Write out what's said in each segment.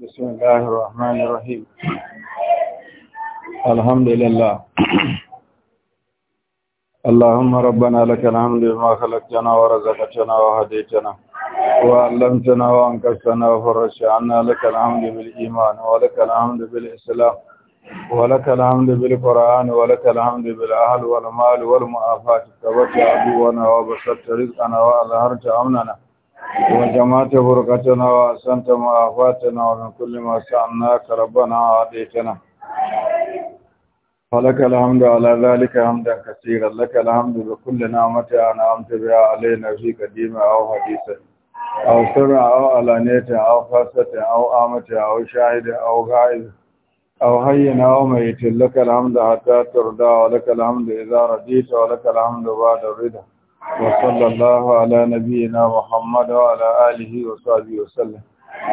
بسم الله الرحمن الرحيم الحمد لله اللهم ربنا لك الحمد لما خلقتنا ورزقتنا وهديتنا وعلمتنا وانكشفنا وفرجت عنا لك الحمد بالإيمان ولك الحمد بالإسلام ولك الحمد بالقرآن ولك الحمد بالأهل والمال والمعافاة تبكى عدونا وبسطت رزقنا وأظهرت أمننا وجمعت بركتنا وأحسنت معافاتنا ومن كل ما سألناك ربنا عاديتنا فلك الحمد على ذلك حمدا كثيرا لك الحمد بكل نعمة أنعمت بها علينا في قديمة أو حديثة أو سرع أو علانية أو خاصة أو آمة أو شاهد أو غائب أو هين أو ميت لك الحمد حتى ترضى ولك الحمد إذا رضيت ولك الحمد بعد الرضا وصلى الله على نبينا محمد وعلى آله وصحبه وسلم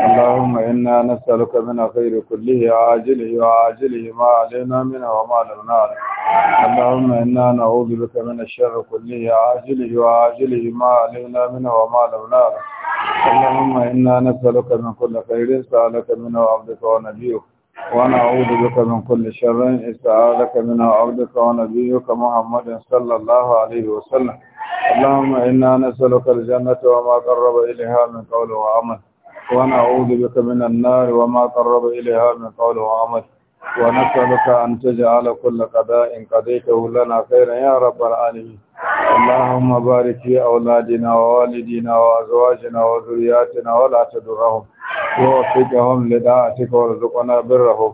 اللهم إنا نسألك من خير كله عاجله وعاجله ما علينا منه وما لم نعلم اللهم إنا نعوذ بك من الشر كله عاجله وعاجله ما علينا منه وما لم نعلم اللهم إنا نسألك من كل خير سألك منه عبدك ونبيك ونعوذ بك من كل شر استعاذك منه عبدك ونبيك محمد صلى الله عليه وسلم اللهم إنا نسألك الجنة وما قرب إليها من قول وعمل ونعوذ بك من النار وما قرب إليها من قول وعمل ونسألك أن تجعل كل قضاء قضيته لنا خيرا يا رب العالمين اللهم بارك في أولادنا ووالدينا وأزواجنا وذرياتنا ولا تدرهم ووفقهم لداعتك وارزقنا برهم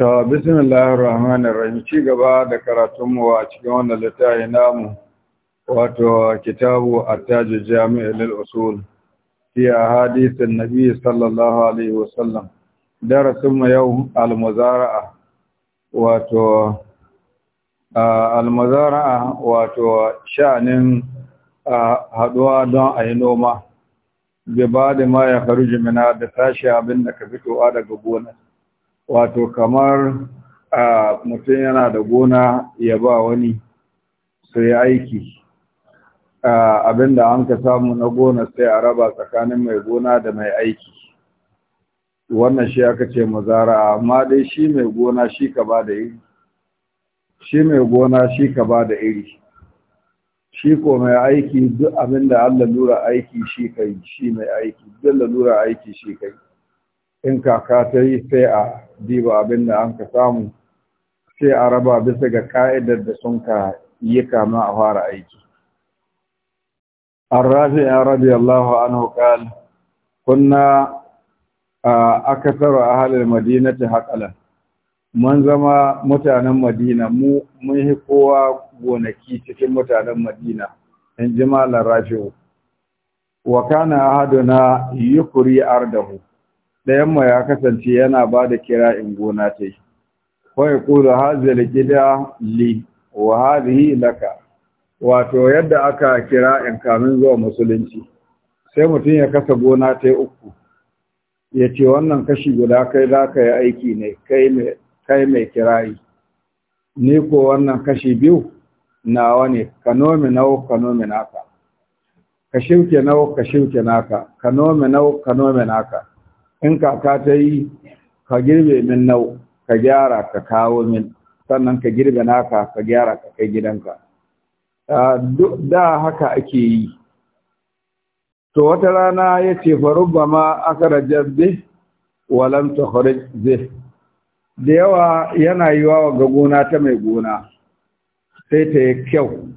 ta bismillahir rahmanir rahim ci gaba da karatunmu a cikin wannan littafi namu wato kitabu at-taj jami' lil usul fi ahadith an-nabi sallallahu alaihi wasallam darasin mu yau al-muzara'a wato al-muzara'a wato sha'anin haduwa don ayi noma bi ba da ma ya faru mina da sashi abin da ka a daga gonar wato kamar mutum yana da gona ya ba wani su yi aiki abinda an ka samu na gona sai a raba tsakanin mai gona da mai aiki wannan shi aka ce mazara amma dai shi mai gona shi ka ba da iri shi mai gona shi ka ba da iri shi ko mai aiki duk abinda an lura aiki shi ka yi shi mai aiki duk lura aiki shi ka yi in kaka ta yi sai a diba abin da an ka samu sai a raba bisa ga ka'idar da sun ka yi kama a fara aiki An rafi rabi an رضي Kunna a قال a halin madina ta haƙala mun zama mutanen madina mu mun yi kowa gonaki cikin mutanen madina in ji malar rafi wa kana ahaduna yukuri ardahu ɗayanmu ya kasance yana ba da kira in gona ta yi kawai kudu hazil gida li wa hazihi laka wato yadda aka kira in kamin zuwa musulunci sai mutum ya kasa gona ta yi uku ya ce wannan kashi guda kai za ka yi aiki ne kai mai kirayi. ni ko wannan kashi biyu na wani, ka nomi nau, ka nomi naka ka shirke nau, ka shirke naka ka nomi nau, ka nomi naka in kaka ta yi ka girbe min nau ka gyara ka kawo min sannan ka girbe naka ka gyara ka kai gidanka da haka ake yi to wata rana ya ce farubba ma aka rajar zai walam ta zai da yawa yana yi wa ga gona ta mai gona sai ta yi kyau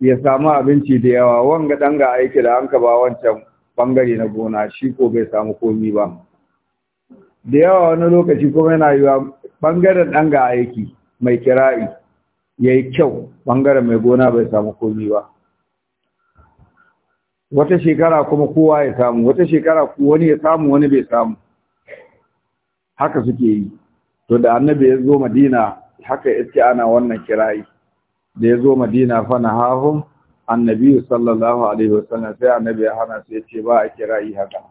ya samu abinci da yawa wanga ɗan ga aiki da an ka ba wancan bangare na gona shi ko bai samu komi ba da yawa wani lokaci kuma yana yiwa bangaren ɗan ga aiki mai kira'i ya yi kyau bangaren mai gona bai samu komi ba wata shekara kuma kowa ya samu wata shekara wani ya samu wani bai samu haka suke yi to da annabi ya zo madina haka ce ana wannan kira'i da ya zo madina fana hahun annabi sallallahu alaihi wasallam sai annabi ya hana sai ce ba a kira'i haka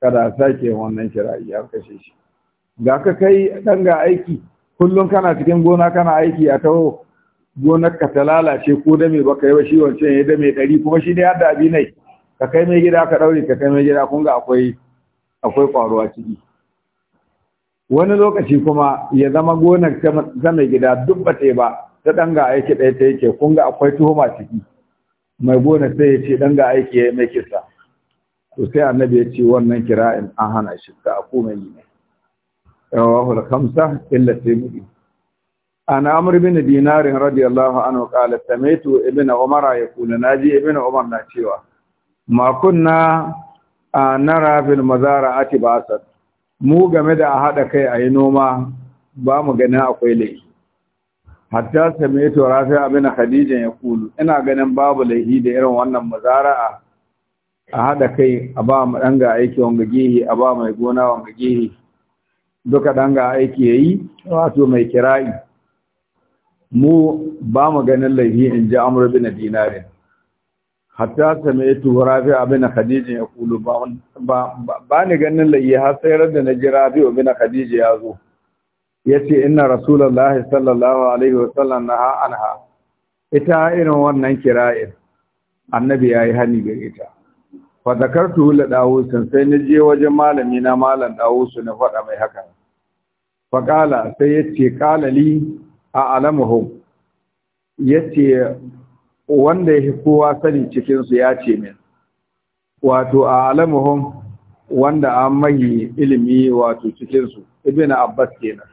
kada sake wannan kira'i har kashe shi ga ka kai dan ga aiki kullum kana cikin gona kana aiki a taho gonar ka ta lalace ko dame baka yi ba shi wancan ya dame ɗari kuma shi ne yadda abi nai ka kai mai gida ka ɗaure ka kai mai gida kun ga akwai akwai ƙwaro a ciki wani lokaci kuma ya zama gonar ta mai gida duk ba ta ba ta ɗan ga aiki ɗaya ta yake kun ga akwai tuhuma ciki mai gona sai ya ce ɗan ga aiki ya yi mai kisa to sai annabi ya ce wannan kira'in an hana shi ta a yi ne rawahu al kamsa illa tirmidhi an amr bin dinarin radiyallahu anhu qala Samaitu, ibn umar yaqulu naji ibn umar na cewa ma kunna nara fil Ati ba'sat mu game da a haɗa kai ayi noma ba mu ganin akwai laifi hatta samaitu rafi'a bin khadija ya kulu ina ganin babu laihi da irin wannan muzara'a a hada kai a ba mu danga aiki wanga gehi a ba mai gona wanga gehi duka danga aiki yayi wato mai kira'i mu ba mu ganin laihi in ji amru bin dinarin hatta samaitu rafi'a bin khadija ya kulu ba ba ni ganin laihi har sai da na ji rafi'a bin khadija ya zo yace inna rasulullahi sallallahu alaihi wasallam naha anha ita irin wannan kira'in annabi yayi hani ga ita fa zakartu la dawus sai na je wajen malami na malam dawus na faɗa mai haka fa kala sai yace kala li a alamuhu yace wanda ya kowa sani cikin su yace min wato a alamuhum wanda an mahi ilimi wato cikin su ibn abbas kenan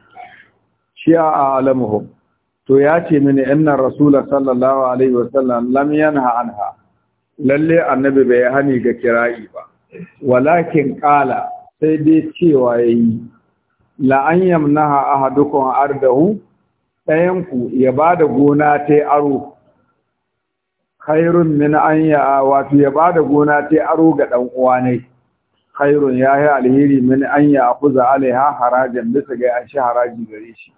shi a alamuhum to ya ce mini inna rasula sallallahu alaihi wasallam lam yanha anha lalle annabi bai hani ga kira'i ba walakin qala sai dai cewa yayi la an yamnaha ahadukum ardahu ɗayanku ya ba da gona ta aro khairun min an ya wato ya ba da gona ta aro ga ɗan uwa ne khairun ya alheri min an ya akuza alaiha harajan bisa ga an shi haraji gare shi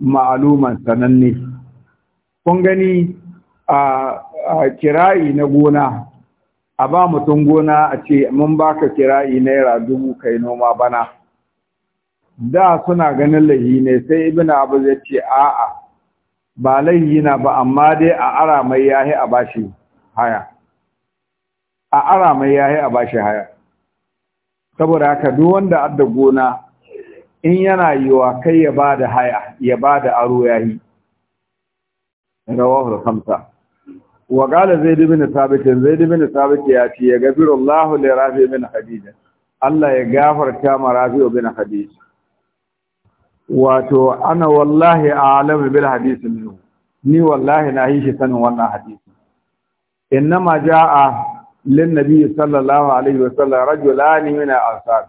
ma'aluman sananne kun gani a kirayi na gona a ba mutum gona a ce mun baka kirayi naira dubu kai noma bana da suna ganin lahi ne sai ibn abu zai ce a'a ba lahi na ba amma dai a ara mai yahi a bashi haya a ara mai yahi a bashi haya saboda haka duk wanda adda gona in yana yiwa kai ya ba da haya ya ba da aro ya yi rawahul khamsa wa qala zaid ibn thabit zaid ibn thabit ya ce ya gafiru Allah li rafi bin khadija Allah ya gafarta ma rafi ibn khadija wato ana wallahi a'lamu bil hadith minhu ni wallahi na yi shi sanin wannan inna ma jaa lin nabiy sallallahu alaihi sallam rajulani min al-ansar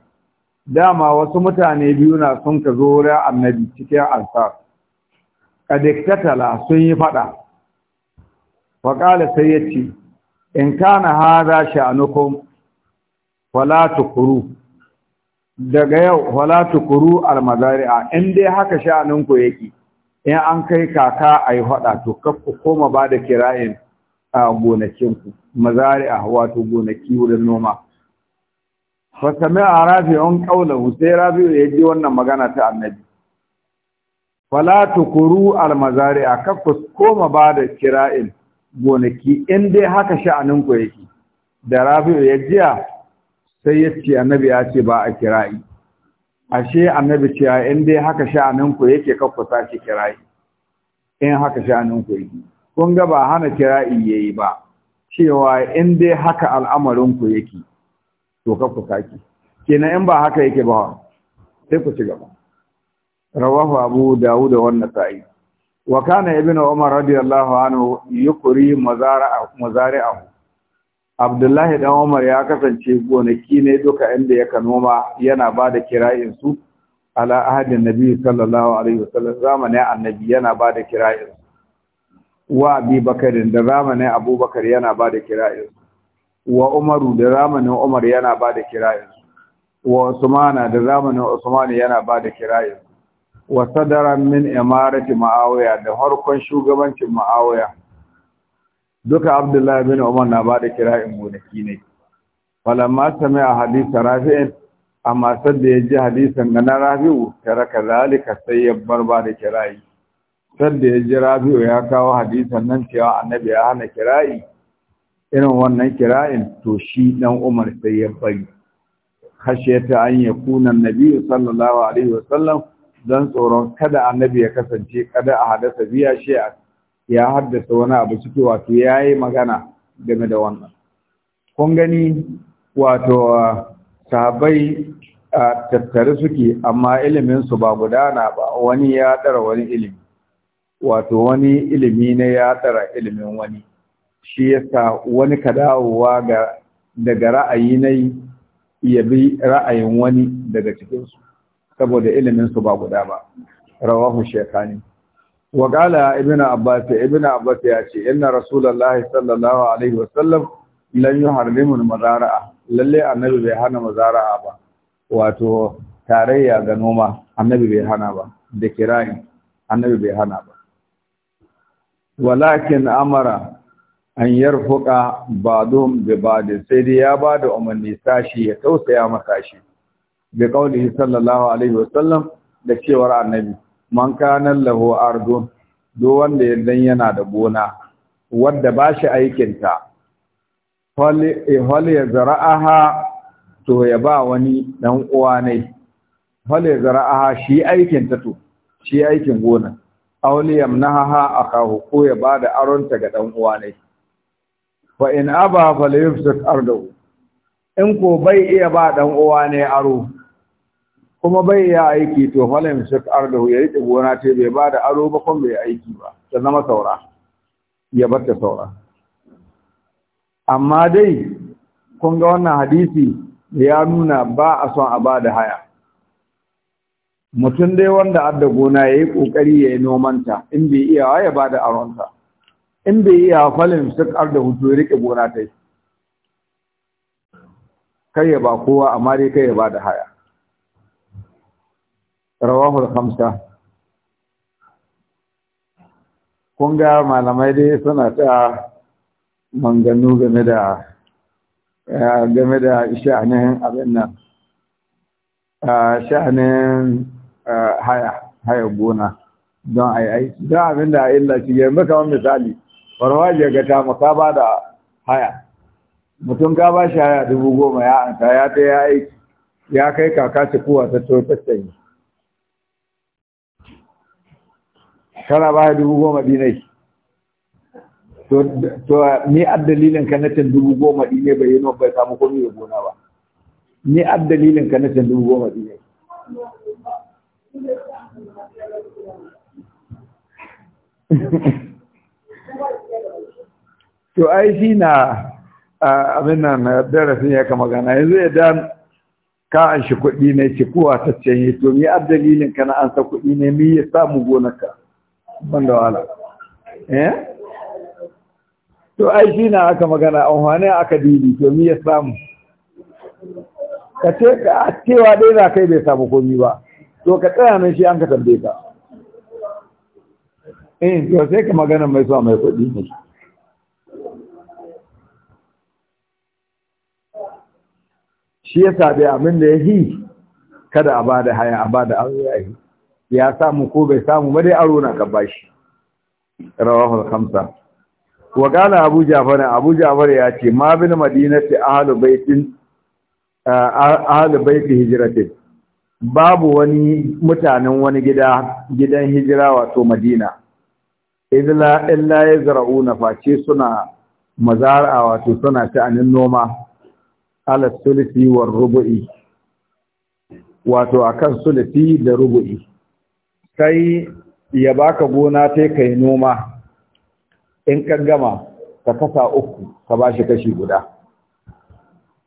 dama wasu mutane biyu na sun ka zo wurin annabi cikin ansar kadiktatala sun yi fada kala sai ya ce in kana hada sha'anukum wala tukuru daga yau wala tukuru almazari'a in dai haka sha'aninku yake in an kai kaka a yi faɗa to ku koma ba da kira'in a gonakinku mazari'a wato gonaki wurin noma fa a rafi'un qawlahu sai rafi'u ya ji wannan magana ta annabi fala tukuru a kakku koma ba da kira'il gonaki in dai haka sha'anin ku yake da rafi'u ya jiya sai ya ce annabi ya ce ba a kira'i ashe annabi ce in dai haka sha'anin ku yake kakku sashi kira'i in haka sha'anin ku yake kun ga ba hana kira'i yayi ba cewa in dai haka al'amarin ku yake dokar ku saki kenan in ba haka yake ba sai ku ci gaba rawahu abu dawud wa nasa'i wa kana ibnu umar radiyallahu anhu yukuri mazara'a mazari'ahu abdullahi dan umar ya kasance gonaki ne duka inda yaka noma yana ba da kira'in su ala ahadin nabi sallallahu alaihi wasallam zamanin annabi yana ba da kira'in wa abi bakarin da zamanin abubakar yana ba da kira'in wa umaru da zamanin umar yana ba da kira'insu wa usmana da zamanin usmani yana ba da wa sadaran min imarati ma'awiya da harkon shugabancin ma'awiya duka abdullahi bin umar na ba da kira'in gonaki ne falamma sami a hadisa rafi'in amma sadda ya ji hadisan ga na rafi'u raka zalika sai ya bar ba da kirayi sadda ya ji rafi'u ya kawo hadisan nan cewa annabi ya hana kirayi irin wannan kira'in to shi dan Umar sai ya bari ta an kunan nabi sallallahu alaihi wasallam dan tsoron kada annabi ya kasance kada a hadasa biya shi ya haddasa wani abu ciki wato yayi magana game da wannan kun gani wato sahabbai a tattare suke amma ilimin su ba gudana ba wani ya tsara wani ilimi wato wani ilimi ne ya tsara ilimin wani shi yasa wani ka dawowa ga daga ra'ayi na yi ya bi ra'ayin wani daga cikinsu saboda iliminsu ba guda ba rawahu shekani wa qala Ibina abbas ibnu ya ce inna rasulullahi sallallahu alaihi wasallam lan yi al-mazara'a lalle annabi bai hana mazara'a ba wato tarayya ga noma annabi bai hana ba da kirayi annabi bai hana ba walakin amara an yarfuka ba bi badi sai dai ya ba da umarni sashi ya tausaya masa shi bi qaulihi sallallahu alaihi wasallam da cewar annabi man kana lahu ardun do wanda yaddan yana da gona wadda ba shi aikin ta hal ya zara'aha to ya ba wani dan uwa ne hal ya zara'aha shi aikin ta to shi aikin gona auliyam nahaha akahu ko ya ba aron aronta ga dan uwa ne fa in aba fa yufsik ardahu in ko bai iya ba dan uwa ne aro kuma bai iya aiki to fa la yufsik ardahu ya rike gona ta bai ba da aro ba kuma bai aiki ba ta zama saura ya bar saura amma dai kun ga wannan hadisi ya nuna ba a son a ba da haya mutum dai wanda adda gona ya yi ƙoƙari ya yi nomanta in bai iya ya ba da aronta in bai yi a falin sukar da hutu ya riƙe gona ta yi kai ya ba kowa amma dai kai ya ba da haya rawahul Hamsa, kun malamai dai suna ta manganu game da eh, game da sha'anin abin nan eh, sha'anin eh, haya haya gona don a yi aiki don abin da illa shi yanzu kamar misali je ga ta maka ba da haya mutum ka ba shi haya dubu goma ya anta ya ta ya aiki ya kai kaka ci kuwa ta to tattayi kana ba dubu goma dinai to ni addalilin ka na can dubu goma dinai bai yi bai samu komi da gona ba ni addalilin ka na can dubu goma dinai Thank you. to ai shi na abin nan darasin ya kama gana yanzu idan ka an shi kuɗi ne ci kuwa ta canye to mi ab dalilin kana an sa kuɗi ne mi ya samu gonaka ban da wala eh to ai shi na aka magana an hane aka dibi to mi ya samu ka ce ka cewa dai za kai bai samu komi ba to ka tsaya nan shi an ka tambaye ka eh to sai ka magana mai zuwa mai kuɗi ne shi ya dai abin da yahi kada a bada haya a bada aure yi. ya samu ko bai samu ba dai aro na ka bashi rawahu al-khamsa wa kana abu ja'far abu ja'far ya ce ma bin madinati ahlu baitin ahlu baiti hijratin babu wani mutanen wani gida gidan hijira wato madina idla illa na face suna mazara wato suna sha'anin noma ala sulifi wa rubu'i wato akan sulifi da rubu'i kai ya baka gona sai kai noma in ka gama ka kasa uku ka bashi kashi guda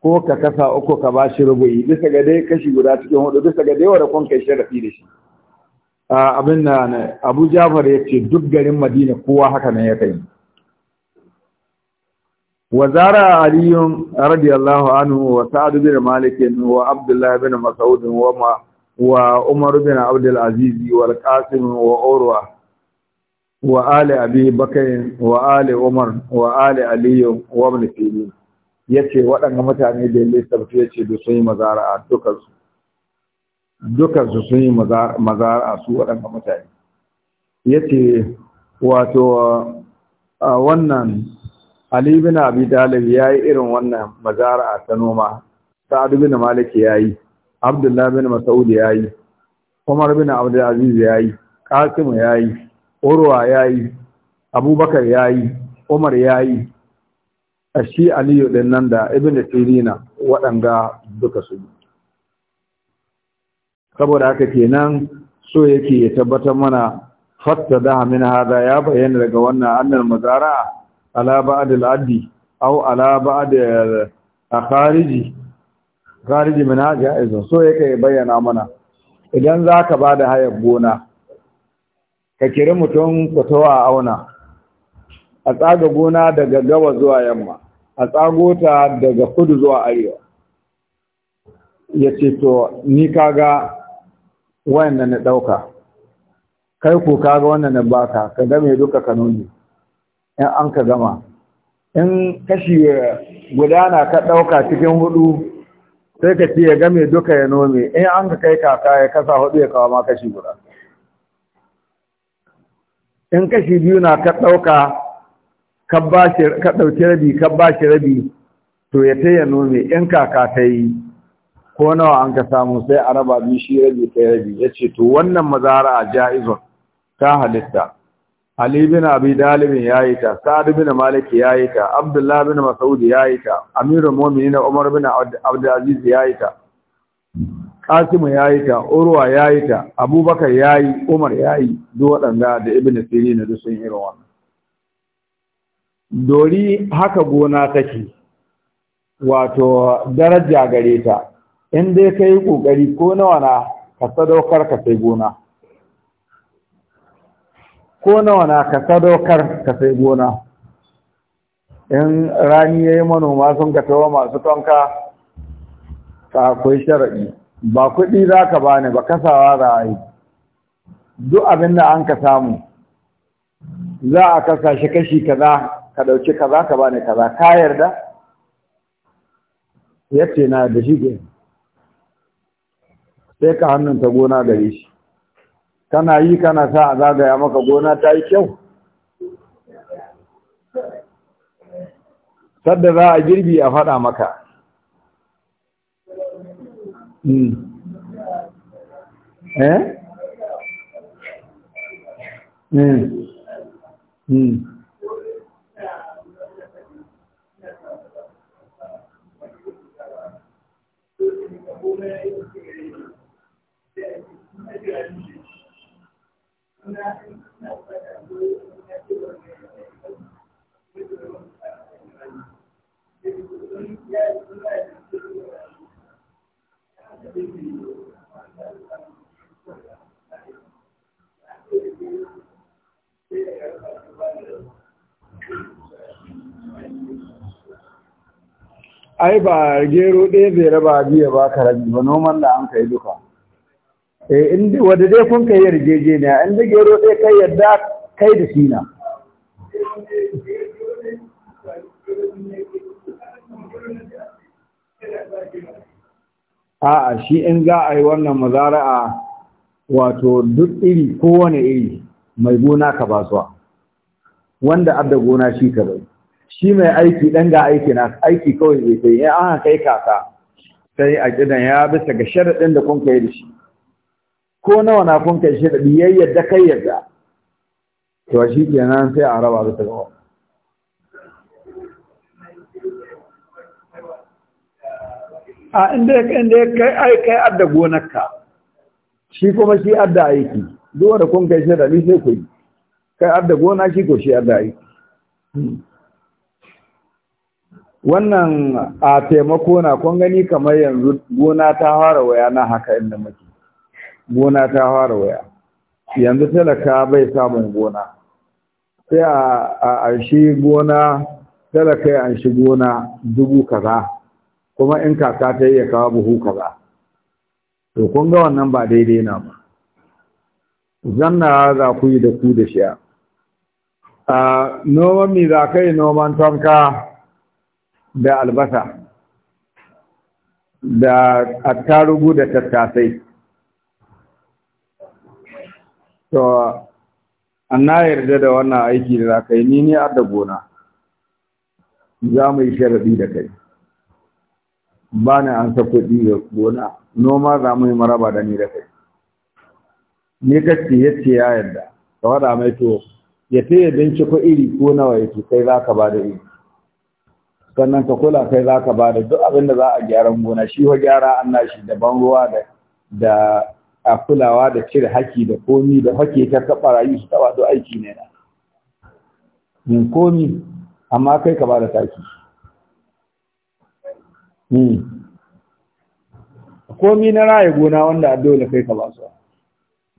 ko ka kasa uku ka bashi rubu'i bisa ga dai kashi guda cikin hudu bisa ga dai wanda kun kai shi rafi da shi abin na abu jafar ya ce duk garin madina kowa haka nan ya kai Wa a aliyun radiyallahu anhu wa sa'ad bin malik wa abdullah bin mas'ud wa ma wa umar bin abdul aziz wa qasim wa urwa wa ali abi bakr wa ali umar wa ali ali wa ibn sirin yace waɗannan mutane da lissafta yace da sun yi mazara'a dukansu dukansu sun yi maza a su waɗanda mutane ya ce wato a wannan alibin abi dalib ya yi irin wannan mazara ta noma sa'adu bin maliki ya yi abdullah bin masaudi ya yi umar bin abdulaziz ya yi kasim ya yi urwa ya yi abubakar ya yi umar ya yi a shi aliyu ɗin nan da ibn sirina waɗanga duka su yi saboda haka kenan so yake ya tabbatar mana fatta da min hada ya bayyana daga wannan annal mazara ala ba'd al addi aw ala ba'd al khariji khariji mana haja so yake bayyana mana idan zaka da hayar gona ka kiri mutum fitowa auna a tsaga gona daga gaba zuwa yamma a tsago ta daga kudu zuwa arewa ya ce to ni kaga wa'annan na ɗauka kai ko ka ga wannan na baka ka game duka kanoni in an ka gama in kashi gudana ka ɗauka cikin hudu sai ka ce ya game duka ya nome in an ka kai kaka ya kasa hudu ya kawo ma kashi guda in kashi biyu na ka ɗauka ka ɗauki rabi ka ba shi rabi to ya ta ya nome in kaka ta yi ko nawa an ka samu sai a raba biyu shi rabi kai rabi ya ce to wannan mazara a ja'izun ta halitta Ali bin Abi Dalib ya yi ta, Sa'ad bin Malik ya yi ta, Abdullah bin Mas'ud ya yi ta, Amirul Mu'minin Umar bin Abdulaziz ya yi ta, Qasim ya yi ta, Urwa ya yi ta, Abubakar ya yi, Umar ya yi, duk waɗanda da Ibn Sirin da sun yi rawan. Dori haka gona take, wato daraja gare ta, in dai ka yi ƙoƙari ko nawa na ka sadaukar ka sai gona ko nawa na ka sadaukar ka sai gona in rani ya yi manoma sun ka tawa masu tonka ka akwai sharaɗi ba kuɗi za ka ba ne ba kasawa za a yi duk abin da an ka samu za a kasa shi kashi kaza ka ɗauki kaza ka bani ne kaza ka yarda Yace na da shi ke sai ka hannunta gona gare shi kana yi kana sa a zagaya maka gona ta yi kyau sadda za a girbi a faɗa maka Thank hmm. you. Eh? Hmm. Hmm. ai ba gero ɗaya bai raba biya ba ka rabi ba noman da an yi duka eh in dai kun kai yarjejeniya in da gero dai kai yadda kai da shi na a'a shi in za a yi wannan mazara'a wato duk iri kowane iri mai gona ka ba su wanda adda gona shi ka zai shi mai aiki ɗan ga aiki na aiki kawai zai sai ya an kai kaka sai a gidan ya bisa ga sharaɗin da kun kai da shi ko nawa na kun kai shida biyayyar da kai yadda to shi kenan sai a raba da ga a inda ya kai ai kai adda gonarka shi kuma shi adda aiki duk da kun kai shida ni sai ku yi kai adda gona shi ko shi adda aiki wannan a taimako na kun gani kamar yanzu gona ta fara waya na haka inda muke gona ta fara waya yanzu talaka bai samun gona sai a anshi gona talaka ya anshi gona dubu kaza kuma in kaka ta yi ya kawo buhu kaza to kun ga wannan ba daidai na ba zanna za ku yi da ku da shi a noman mi za ka yi noman tonka da albasa da attarugu da tattasai to na yarda da wannan aiki da zaka yi ni ne da gona za mu yi sharaɗi da kai ba na an sa kuɗi da gona noma za mu yi maraba da ni da kai ni kace yace ya yarda ka wada mai to ya ta yi taya binciko iri ko nawa yake kai za ka ba da iri sannan ka kula kai za ka ba da duk abin da za a gyaran gona shi wa gyara an na nashi daban ruwa da a kulawa da cire haki da komi da hake ta taɓa rayu su taɓa do aiki ne na yin komi amma kai ka ba da taki hmm. komi na raye gona wanda a kai ka ba su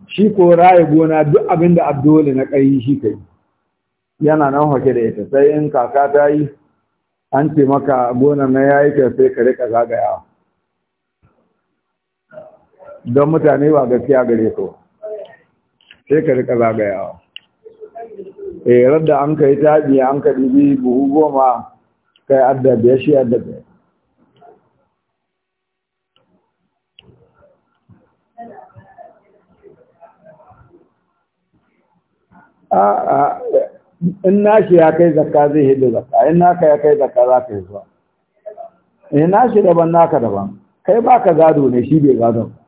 shi ko raye gona duk abin da dole na kai shi kai yana nan hake da ita sai in kaka ta yi an ce maka gona na yayi kyau sai ka rika zagayawa don mutane ba gaskiya gare su sai ka rika zagayawa eh radda an kai tabi an ka dubi buhu goma kai adda ya shi adda a a'a in nashi ya kai zakka zai hidda zakka in naka ya kai zakka za ka yi zuwa in eh, nashi daban naka daban kai baka gado ne shi bai gado ba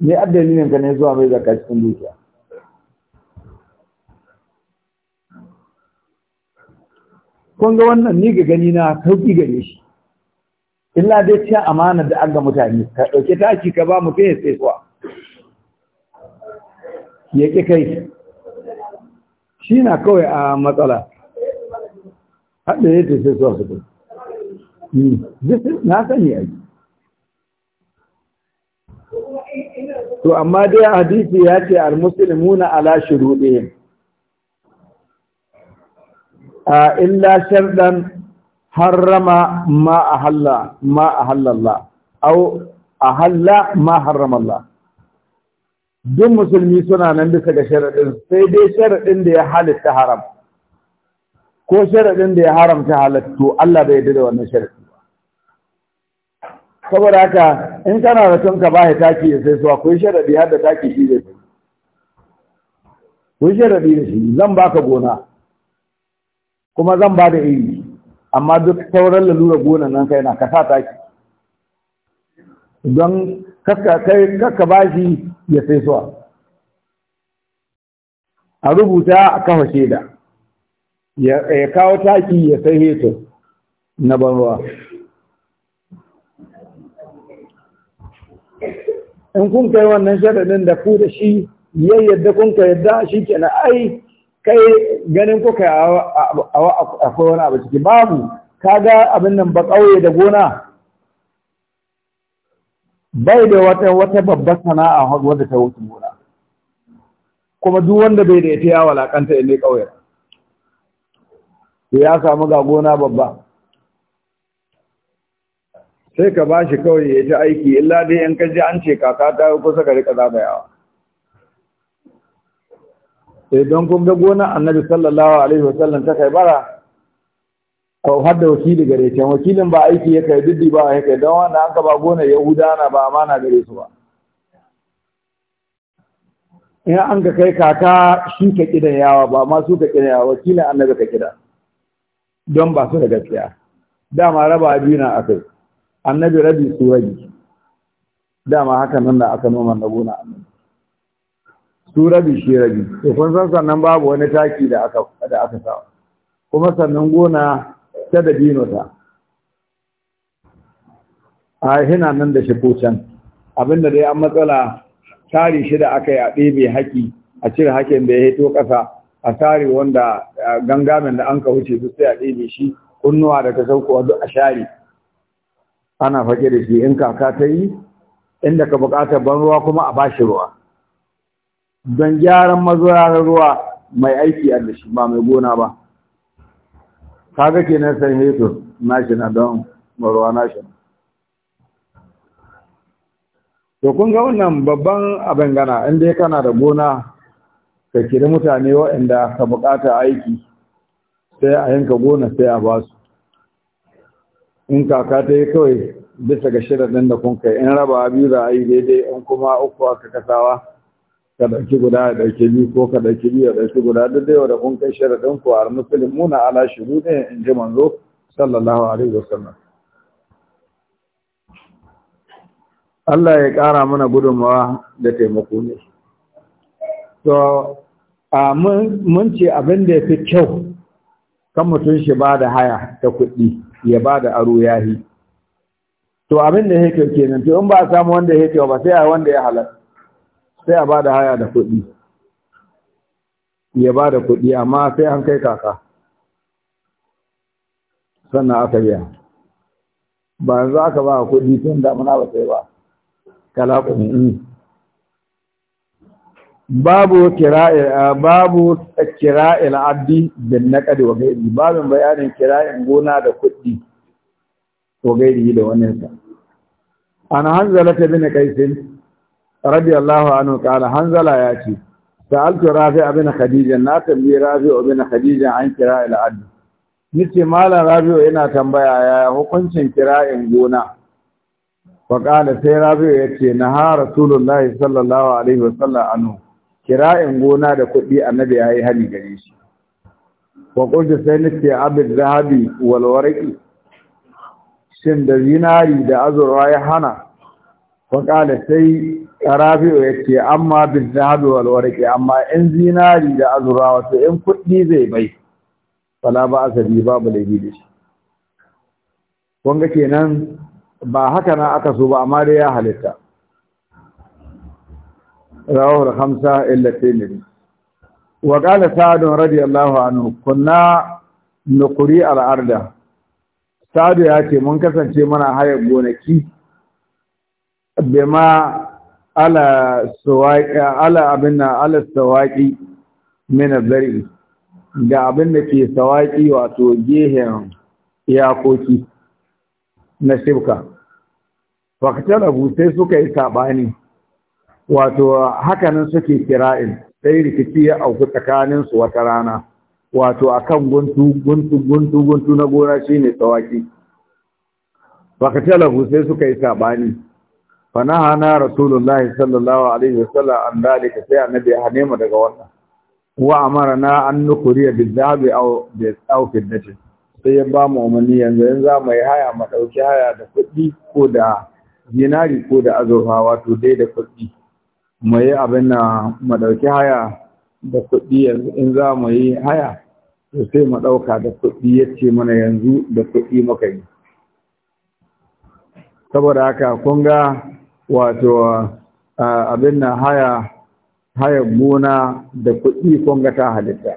me addalilin ka ne zuwa mai zakka cikin dukiya kun ga wannan ni ga gani na sauki gare shi illa dai ta amana da an ga mutane ka ɗauke taki ka ba mu kai ya kuwa ya ƙi kai shi na kawai a matsala haɗe ya sai zuwa su kai hmm. na sani ai to amma dai hadisi ya ce al-muslimuna ala shuruɗihim a illa shardan harrama ma ahalla ma ahallallah aw ahalla ma harrama Allah duk musulmi suna nan bisa ga sharadin sai dai sharadin da ya halitta haram ko sharadin da ya haramta halattu Allah bai yarda da wannan sharadi saboda haka in kana da ka ba taki ya sai suwa kun sharaɗi har da taki shi zai kun sharaɗi da shi zan baka gona kuma zan ba da iri amma duk sauran lalura gona nan kai na ka sa taki don kakka ba shi ya sai suwa a rubuta a kafa shaida ya kawo taki ya sai heto na ban in kun kai wannan sharaɗin da ku da shi ya yadda kun ka yadda shi ke na ai kai ganin kuka akwai wani abu ciki babu ga abin nan ba ƙauye da gona bai da wata wata babbar sana'a wadda ta wuce gona kuma duk wanda bai da ita ya walakanta ne ƙauye ya samu ga gona babba sai ka ba shi kawai ya ji aiki illa dai 'yan kaji an ce kaka ta yi kusa ka rika zagayawa sai eh, don kun ga gona annabi sallallahu alaihi sallam ta kai bara ko hadda wakili gare ta wakilin ba aiki ya kai diddi ba ya kai don wanda an ka ba gona yahuda na ba amana gare su ba in an ka kai kaka shi ka kidan yawa ba ma su ka kidan yawa wakilin annabi ka kida don ba su da gaskiya dama raba biyu na akai annabi rabi su rabi dama haka nan da aka noma na gona su rabi shi rabi to kun san sannan babu wani taki da aka da aka sa kuma sannan gona ta da dino ta a hina nan da shi can, abinda dai an matsala tari shi da aka yi a ɗebe haki a cire hakin da ya hito ƙasa a tare wanda gangamen da an ka wuce duk sai a ɗebe shi kunnuwa da ta sauko a share ana fage da shi in kaka ta yi inda ka buƙatar ban ruwa kuma a bashi ruwa don gyaran mazoyarar ruwa mai aiki a da shi ba mai gona ba kaga kenan san na shi na don ruwa shi. to kun ga wannan babban abin gana inda ya kana da gona ka kiri mutane waɗanda ka buƙata aiki sai a yanka gona sai a basu in kaka ta yi kawai bisa ga shirin da kun kai in raba biyu da a yi daidai in kuma uku aka kasawa ka ɗauki guda a ɗauki biyu ko ka ɗauki biyu a ɗauki guda duk da yau da kun kai sharaɗin ku har musulun muna ala shiru ne in ji manzo sallallahu alaihi wasallam Allah ya ƙara mana gudunmawa da taimako ne. To, mun ce abin da ya fi kyau kan mutum shi ba da haya ta kuɗi. ya ba da aro ya yi. to abin da yake kenan to in ba a samu wanda yake ba sai a wanda ya halar, sai a ba da haya da kuɗi ya ba da kuɗi amma sai an kai kaka sannan aka biya ba yanzu aka ba kuɗi tun damuna ba sai ba kala kuɗi mm. babu kira'il babu kira'il abdi bin naqdi wa gairi babin bayanin kira'in gona da kuɗi wa gairi da wannan sa an hanzala ta bin kaisin radiyallahu anhu qala hanzala ya ce sa'altu rafi abin khadija na tambayi rafi abin khadija an kira'il abdi nace malam rafi yana tambaya ya hukuncin kira'in gona fa qala sai rafi ya ce na ha rasulullahi sallallahu alaihi wasallam anhu kira'in gona da kuɗi annabi ya yi hali gare shi wa qultu sai nake abid zahabi wal shin da zinari da azurwa ya hana wa qala sai rabi'u yace amma bil zahabi wal amma in zinari da azurwa wato in kuɗi zai bai fala ba asabi babu laifi da shi kun ga kenan ba haka na aka so ba amma dai ya halitta rawar hamsa illa taimiri wa ƙala sa'adun radiyallahu kunna nukuri al'ada. sa'adu ya ce mun kasance mana haya gonaki bima ala abinna ala sawaƙi min zari da abin da ke sawaƙi wato gehen iyakoki na shibka fakatalabu sai suka yi saɓani wato hakanan suke kira'in sai rikici ya auku tsakanin su wata rana wato akan guntu guntu guntu guntu na gona shine tsawaki fakatalahu sai suka yi sabani fanaha na rasulullahi sallallahu alaihi wasallam an dalika sai annabi ya hane daga wannan wa na an nukuriya bizabi aw bi da ce. sai ya ba mu umarni yanzu yanzu za mu yi haya mu ɗauki haya da kuɗi ko da zinari ko da azurfa wato dai da kuɗi mu yi abin na mu ɗauki haya da kuɗi yanzu in za mu yi haya to sai mu ɗauka da kuɗi ya ce mana yanzu da kuɗi muka yi saboda haka kun ga wato abin na haya haya gona da kuɗi kun ga ta halitta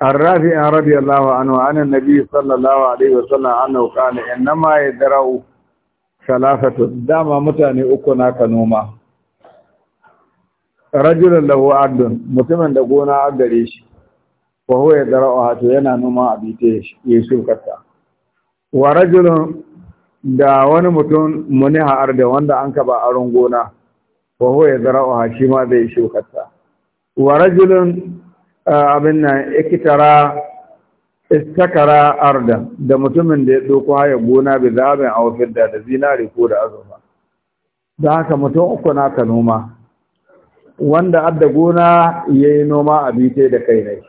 الرافع رضي الله عنه عن النبي صلى الله عليه وسلم أنه قال إنما يدرأ ثلاثة دام متاني أكو ناك noma. rajulun lahu ardun mutumin da gona a gare shi wa huwa yadra'uha to yana noma abite ya shukarta wa rajulun da wani mutum muniha arda wanda an kaba aron gona wa huwa yadra'uha shi ma zai shukarta wa rajulun abin nan ikitara istakara arda da mutumin da ya doko haya gona bi zaben a wafidda da zinari ko da azurfa da haka mutum uku naka noma wanda adda gona ya yi noma a bite da kai ne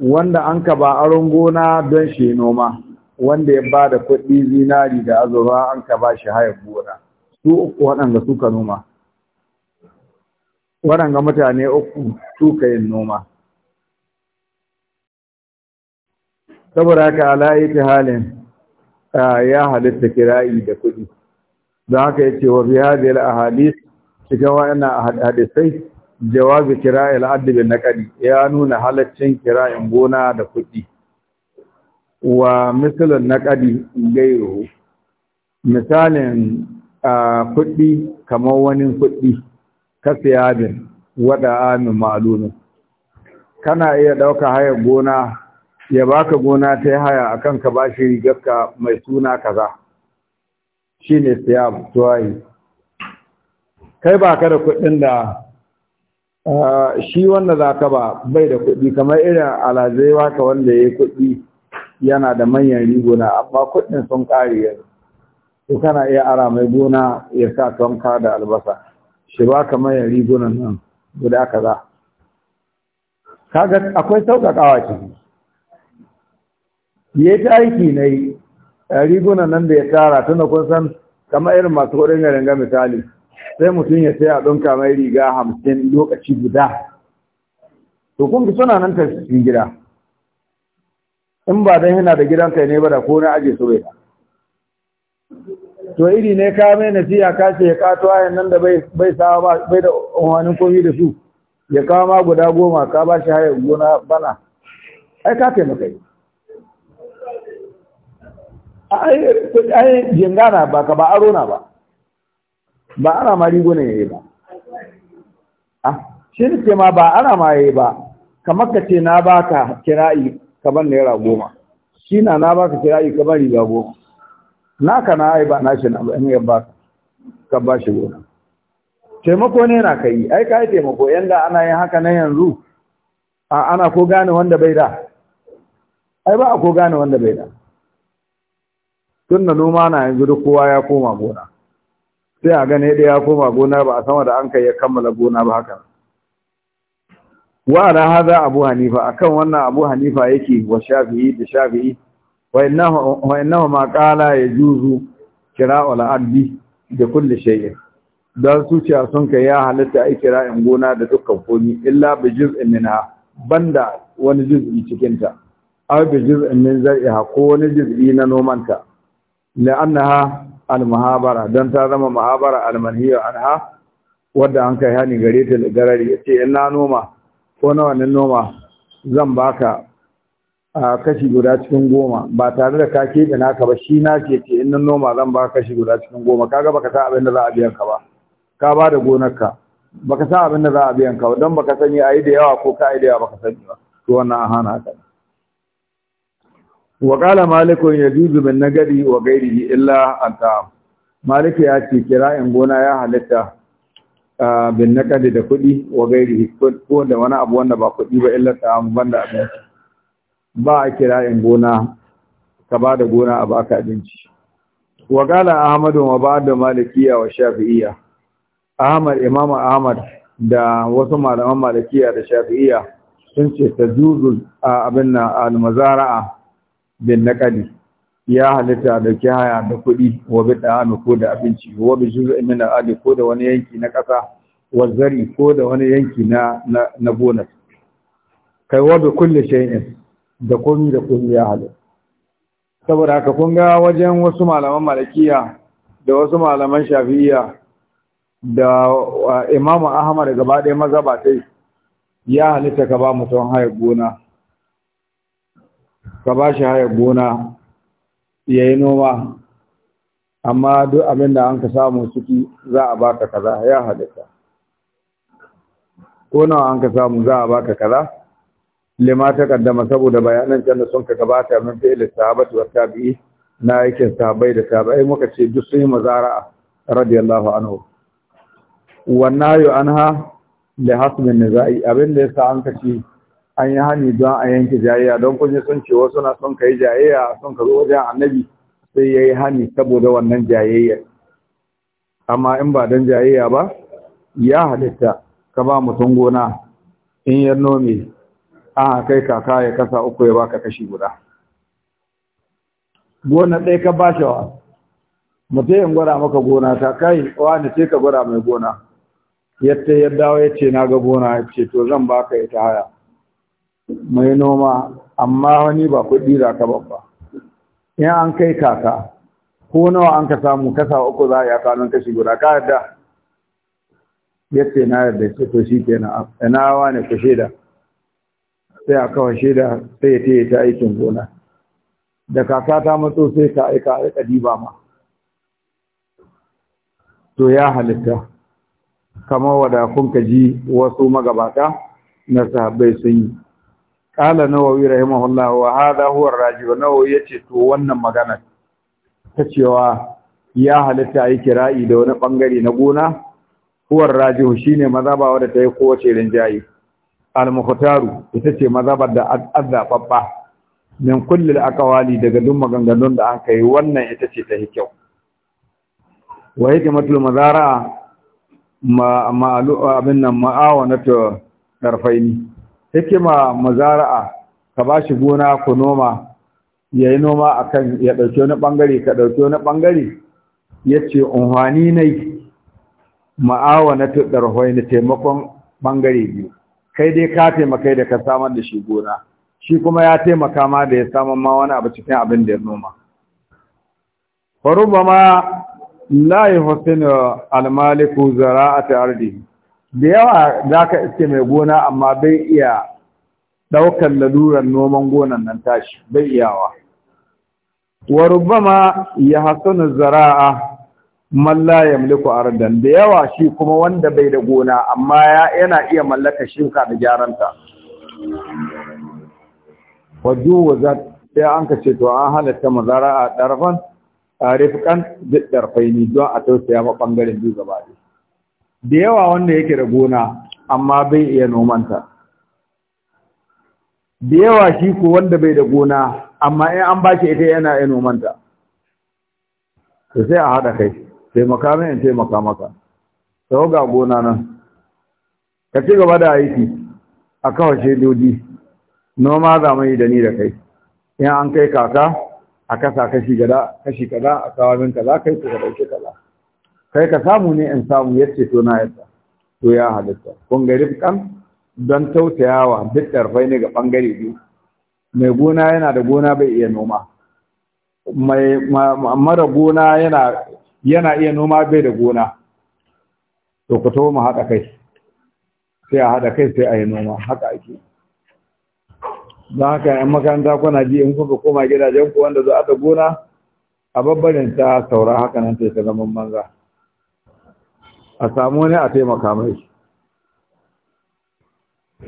wanda an ka ba aron gona don shi noma wanda ya ba da kuɗi zinari da azurwa an ka ba shi hayar gona su uku waɗanda suka noma waɗanda mutane uku suka yin noma saboda haka ala'i ta halin ah, ya halitta kira'i da kuɗi don haka ya ce wa biyar da ahadis cikin wa'annan hadisai jawabi kira'il addi na naqadi ya nuna halaccin kira'in gona da kuɗi wa misalun naqadi gairu misalin kuɗi kamar wani kuɗi kasiyabin wada amin ma'alumin kana iya ɗauka haya gona ya baka gona ta haya akan ka bashi rigarka mai suna kaza shine siyab tuwayi kai ba ka da kuɗin da shi wanda za ka ba bai da kuɗi kamar irin alazaiwa ka wanda ya yi kuɗi yana da manyan riguna amma kuɗin sun ƙare yanzu to kana iya ara mai gona ya sa tonka da albasa shi ba ka manyan rigunan nan guda kaza kaga akwai sauƙaƙawa ce ya ta aiki na yi rigunan nan da ya tara tuna kun san kamar irin masu kuɗin garin ga misali sai mutum ya a don kamar riga hamsin lokaci guda to kun suna nan ta cikin gida in ba don yana da gidan kai ne ba da ko na aje su bai to iri ne ka mai nasiya ka ce ya kato ayan nan da bai sawa ba bai da umarnin komi da su ya kawo ma guda goma ka ba shi haya gona bana ai ka taimaka yi ai jingana ba ka ba arona ba ba ara ma riguna yayi ba ah shi ne ma ba ara ma yayi ba kamar ka ce na baka kira'i ban naira goma shi na na baka kira'i ban riga goma Na ka na ai ba na shi na ba yayi ba ka ba shi gona taimako ne na kai ai kai taimako yanda ana yin haka na yanzu a ana ko gane wanda bai da ai ba a ko gane wanda bai da tun da noma na yanzu duk kowa ya koma gona sai a gane da ya koma gona ba a sama da an kai ya kammala gona ba haka wa za hada abu hanifa akan wannan abu hanifa yake wa shafi'i da shafi'i wa innahu wa innahu ma qala yajuzu abdi da kulli shay'in dan su ce sun kai ya halatta ai kira'in gona da dukkan komi illa bi juz'in minha banda wani juz'i cikin ta aw bi juz'in min zar'iha ko wani juz'i na nomanta la'annaha al-muhabara don ta zama muhabara al-manhiya anha wanda an kai hani gare ta da garari yace in na noma ko na wannan noma zan baka a kashi guda cikin goma ba tare da ka keɓe naka ba shi na ce ce in na noma zan baka kashi guda cikin goma kaga baka sa abin da za a biyan ka ba ka ba da gonarka baka sa abin da za a biyan ka don baka sani a yi da yawa ko ka yi da yawa baka sani ba to wannan an hana ka wa qala malikun yajuzu bin nagari wa ghairihi illa anta malik ya ce kira'in gona ya halatta bin nagari da kuɗi wa ghairihi ko da wani abu wanda ba kuɗi ba illa ta'am banda abinci ba a kira'in gona ka ba da gona a baka abinci wa qala ahmadu wa ba'da malikiya wa shafi'iyya ahmad Imam ahmad da wasu malaman malakiya da shafi'iya sun ce ta juzul a abin na bin naƙali ya halitta da ɗauki haya da kuɗi wa bi da'ami ko da abinci wa bi juz'in min al'adi ko da wani yanki na ƙasa wa zari ko da wani yanki na na bonus kai wa bi kulle shay'in da komi da komi ya halitta saboda haka kun ga wajen wasu malaman malakiya da wasu malaman shafi'iyya da imamu ahmad gaba ɗaya mazabatai ya halitta ka ba mutum haya gona ka ba shi haya gona ya yi noma amma duk abin da an ka samu ciki za a baka kaza ya halitta ko nawa an ka samu za a baka kaza lima ta kaddama saboda bayanan can da sun ka gabata min fi'il sahabati wa tabi'i na aikin sabai da tabi'ai muka ce duk sun yi a radiyallahu anhu wannan yu anha li hasbin nizai abin da ya sa an ka ci. an yi hani don a yanke jayayya don kun sun ce wasu na son kai jayayya son ka zo wajen annabi sai ya yi hani saboda wannan jayayya amma in ba don jayayya ba ya halitta ka ba mutum gona in ya nome a kai kaka ya kasa uku ya baka kashi guda gona ɗaya ka ba wa? mutum gwada maka gona ta kai wani ce ka gwada mai gona yadda ya dawo ya ce na ga gona ya ce to zan baka ita haya mai noma amma wani ba kuɗi za ka babba in an kai kaka ko nawa an ka samu kasa uku za a yi akanon kashi guda ka yadda ya ce na yarda ce to shi ke na nawa ne ku shaida sai a kawai shaida sai ya taya ta aikin gona da kaka ta matso sai ka aika a rika diba ma to ya halitta kamar wadakun kun ka ji wasu magabata na sahabbai sun yi قال نووي رحمه الله وهذا هو الراجع نووي يتي تو wannan magana ta cewa ya halitta ai kira'i da wani bangare na gona Huwar raji shine mazaba wanda ta yi kowace rinjayi al-mukhtaru ita ce mazaba da babba min kulli al-aqwali daga duk maganganun da aka yi. wannan ita ce ta hikyau wa hikimatul mazara ma abin nan ma'awanatu darfaini hikima mazara'a ka ba shi gona ku noma ya yi noma a kan ya ɗauki wani ɓangare ka ɗauki wani ɓangare ya ce unhwani na yi ma'awa na tuɗar hoyi na taimakon ɓangare biyu kai dai ka taimakai da ka samar da shi gona shi kuma ya taimaka ma da ya samar ma wani abu cikin abin da ya noma faruba ma la yi husin almaliku ta ardi da yawa za ka iske mai gona amma bai iya ɗaukar laluran noman gonan nan tashi bai iyawa wa ya hasanu zara'a malla ya mulku ardan da yawa shi kuma wanda bai da gona amma yana iya mallaka shuka da gyaranta wadu wazat sai an ka ce to an halatta mazara'a darfan a rifkan duk ne don a tausaya ma ɓangaren biyu gaba ɗaya da yawa wanda yake da gona amma bai iya nomanta da yawa shi ko wanda bai da gona amma in an ba ita yana iya nomanta to sai a haɗa kai taimaka makamai in taimaka maka sau ga gona nan ka ci gaba da aiki a kawo shedodi noma za mai da ni da kai in an kai kaka a kasa kashi gada kashi kaza a kawamin kaza kai ku ka dauke kaza kai ka samu ne in samu yace to na yadda to ya halitta kun ga rifkan don tausayawa duk ƙarfai ne ga ɓangare biyu mai gona yana da gona bai iya noma mai mara gona yana yana iya noma bai da gona to ku to mu haɗa kai sai a haɗa kai sai a yi noma haka ake don haka yan makaranta kuna ji in kuka koma gidajen ku wanda za a ta gona a babbarin ta saura haka nan sai ta zama banza a samu wani a taimaka mai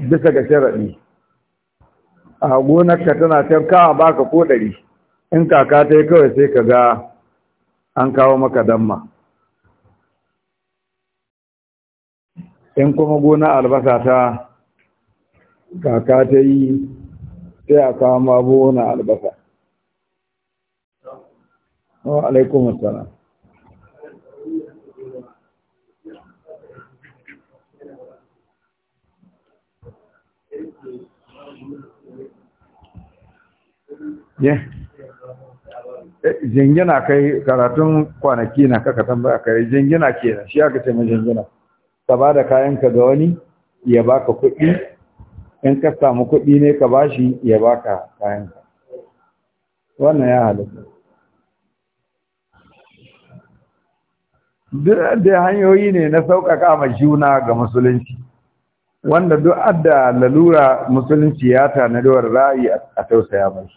bisa ga sharaɗi a gonarka tana can kawa baka ko ɗari in kaka ta yi kawai sai ka ga an kawo maka damma in kuma gona albasa ta kaka ta yi sai a kawo mabo na albasa. Wa Eh, jingina kai karatun kwanaki na kaka tambaya kai jingina kenan shi aka ce jingina ka ba da kayanka ga wani ya baka kuɗi in ka samu kuɗi ne ka bashi ya baka kayanka wannan ya halatta duk da hanyoyi ne na sauƙaƙa ma juna ga musulunci wanda duk adda lalura musulunci ya tanadowar ra'ayi a tausaya mai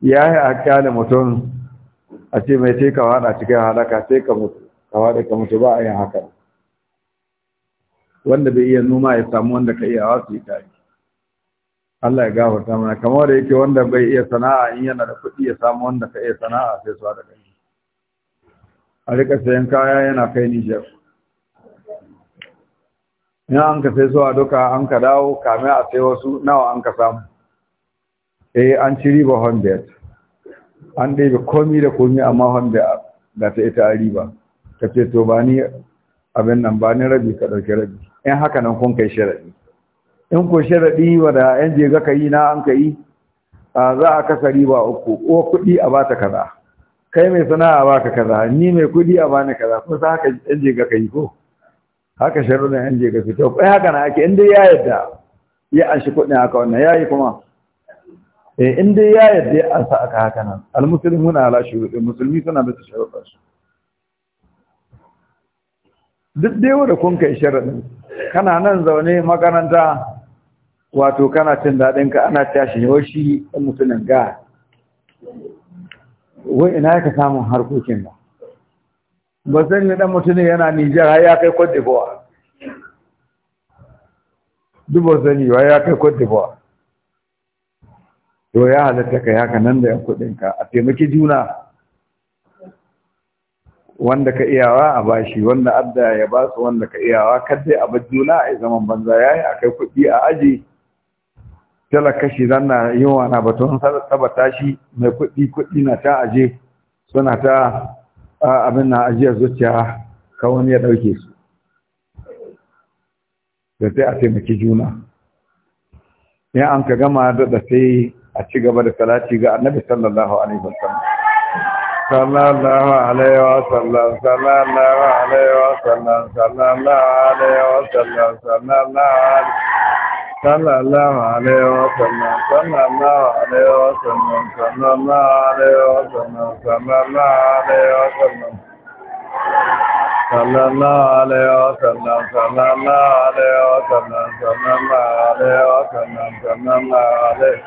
ya yi a kyale mutum a ce mai sai ka cikin halaka sai ka mutu ka da ka mutu ba a yin haka wanda bai iya noma ya samu wanda ka iya wasu yi tare Allah ya gafarta mana kamar da yake wanda bai iya sana'a in yana da kuɗi ya samu wanda ka iya sana'a sai su da kai a rika sayan kaya yana kai Niger in an ka sai su a duka an ka dawo kame a sai wasu nawa an ka samu eh an ci riba 100 an ɗebe komi da komi amma 100 ga ta ita riba ka ce to ba ni abin nan ba ni rabi ka ɗauki rabi in haka nan kun kai sharaɗi in ko sharaɗi wada yan je ga yi na an kayi za a kasa riba uku ko kuɗi a bata kaza kai mai sana'a baka kaza ni mai kuɗi a bani kaza ko sa haka yan je ga yi, ko haka sharuɗin yan je ga fito kai haka na ake in dai ya yadda ya an shi kuɗin haka wannan yayi kuma eh in dai ya yarda an sa aka haka nan muna ala shuruɗi musulmi suna bisa sharuɗa shi duk dai wanda kun kai sharaɗin kana nan zaune makaranta wato kana cin daɗin ka ana tashi yau shi ɗan musulmin, ga wai ina ka samun harkokin ba ba zan yi ɗan mutumin yana nijar har ya kai cote d'ivoire duk ba zan yi ya kai cote bawa. to ya halatta ka haka nan da yan kuɗinka a taimaki juna wanda ka iyawa a bashi wanda adda ya ba su wanda ka iyawa kadai a bar juna a zaman banza ya yi a kai kuɗi a aji zan na zanna wa na batun sabata shi mai kuɗi kuɗi na ta aje suna ta abin na ajiyar zuciya ka wani ya ɗauke su da sai a taimaki juna in an ka gama da sai a ci gaba da salati ga annabi sallallahu alaihi wasallam sallallahu alaihi wasallam sallallahu alaihi wasallam sallallahu alaihi wasallam sallallahu sallallahu alaihi wasallam sallallahu alaihi wasallam sallallahu alaihi wasallam sallallahu alaihi wasallam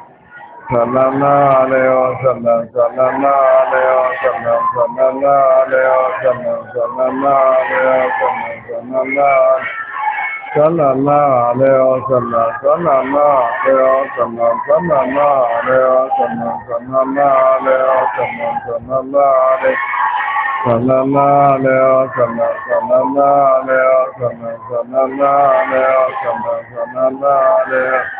သလနာလေယောသလံသလနာလေယောသလံသလနာလေယောသလံသလနာလေယောသလံသလနာသလနာလေယောသလံသလနာလေယောသလံသလနာလေယောသလံသလနာလေယောသလံသလနာလေသလနာလေယောသလံသလနာလေယောသလံသလနာလေယောသလံသလနာလေယော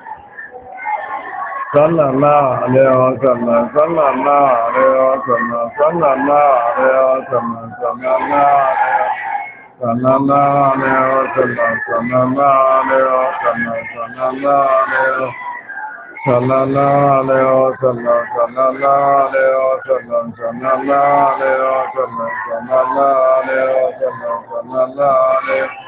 Sanana alaihi wa sallam, sallallahu alaihi wa sallam, sallallahu alaihi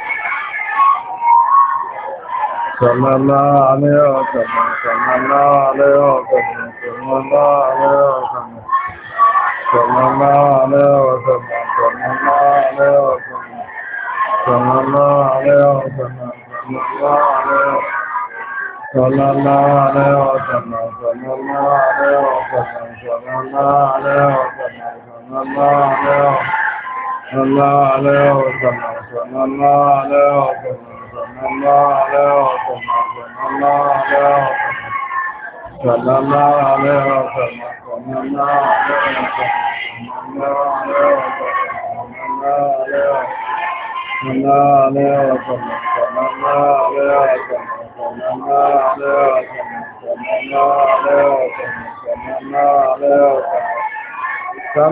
သမ္မာအလယောသမ္မာသမ္မာအလယောသမ္မာသမ္မာအလယောသမ္မာသမ္မာအလယောသမ္မာသမ္မာအလယောသမ္မာသမ္မာအလယောသမ္မာသမ္မာအလယောသမ္မာအလယော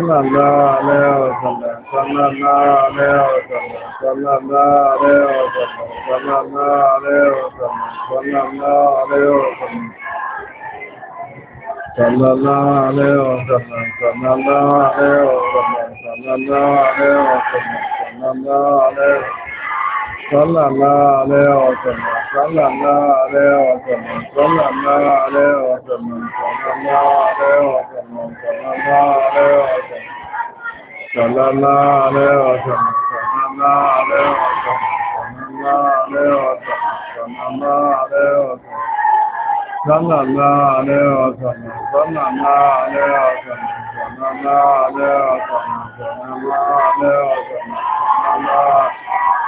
Sallallahu aleyhi ve sellem. သမ္မာနာလေဝသမ္မာသမ္မာနာလေဝသမ္မာသမ္မာနာလေဝသမ္မာသမ္မာနာလေဝသမ္မာသမ္မာနာလေဝသမ္မာသမ္မာနာလေဝသမ္မာသမ္မာနာလေဝသမ္မာသမ္မာနာလေဝသမ္မာသမ္မာနာလေဝသမ္မာသမ္မာနာလေဝသမ္မာသမ္မာနာလေဝသမ္မာသမ္မာနာလေဝသမ္မာသမ္မာနာလေဝသမ္မာသမ္မာနာ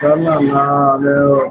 Sallallahu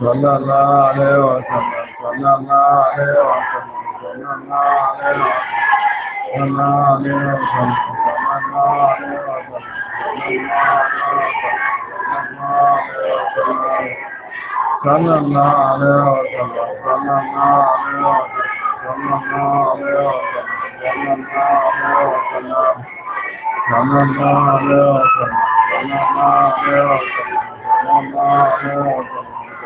သမ္မာနာအေဝသမ္မာသမ္မာနာအေဝသမ္မာသမ္မာနာအေဝသမ္မာနာအေဝသမ္မာသမ္မာနာအေဝသမ္မာနာအေဝသမ္မာနာအေဝသမ္မာနာအေဝသမ္မာနာအေဝသမ္မာနာအေဝသမ္မာနာအေဝသမ္မာနာအေဝသမ္မာနာအေဝသမ္မာနာအေဝ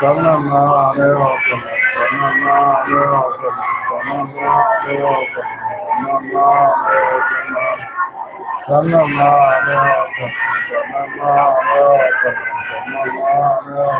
Come on, come on, come on, come on, come on, come on,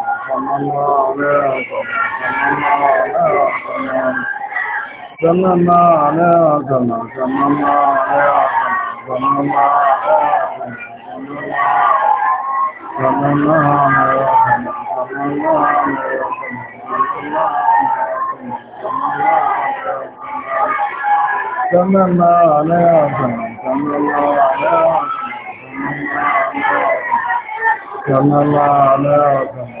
Come on, come on, come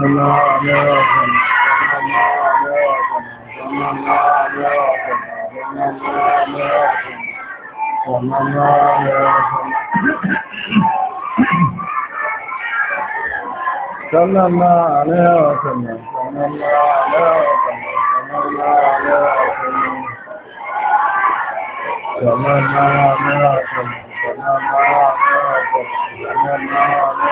သမ္မာအမောသမ္မာအမောသမ္မာအမောသမ္မာအမောသမ္မာအမောသမ္မာအမောသမ္မာအမောသမ္မာသမ္မာအမောသမ္မာအမောသမ္မာအမောသမ္မာသမ္မာအမောသမ္မာအမောသမ္မာအမော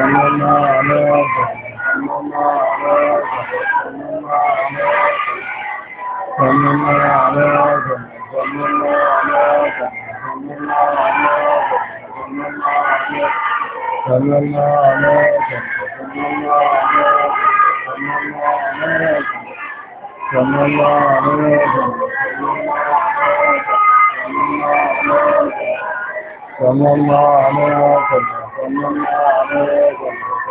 صلى الله عليه وسلم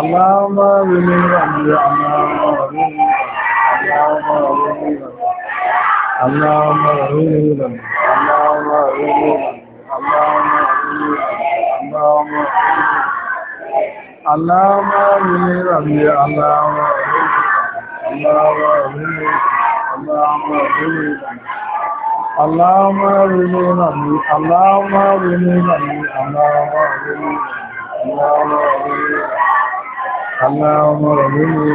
اللهم بمن رحمه اللهم بمن اللهم اللهم بمن رحمه اللهم اللهم بمن اللهم بمن اللهم رمينا لي اللهم رمينا لي اللهم اللهم رمينا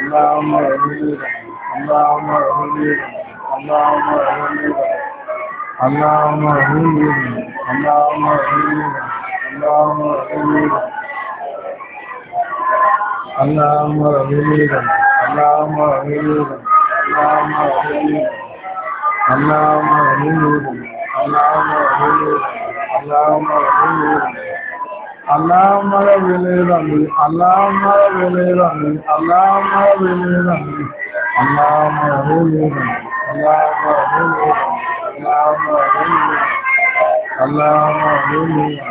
اللهم رمينا اللهم رمينا اللهم رمينا اللهم رمينا اللهم رمينا اللهم رمينا اللهم رمينا اللهم رمينا اللهم رمينا اللهم وجنوبنا اللهم وجنوبنا اللهم وجنوبنا اللهم رب العالمين اللهم رب العالمين اللهم رب العالمين اللهم رب العالمين اللهم رب العالمين اللهم رب العالمين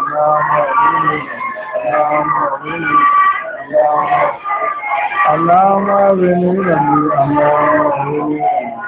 اللهم رب العالمين اللهم رب العالمين اللهم رب العالمين اللهم رب العالمين اللهم رب العالمين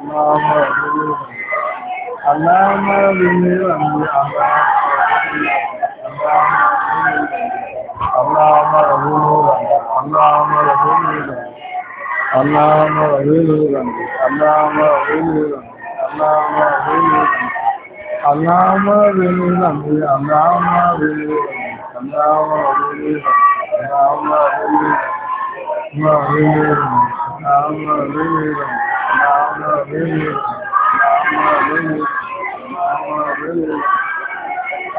Allahumma Allahumma Allahumma Allahumma Allahumma Allahumma Allahumma rabbi rabbi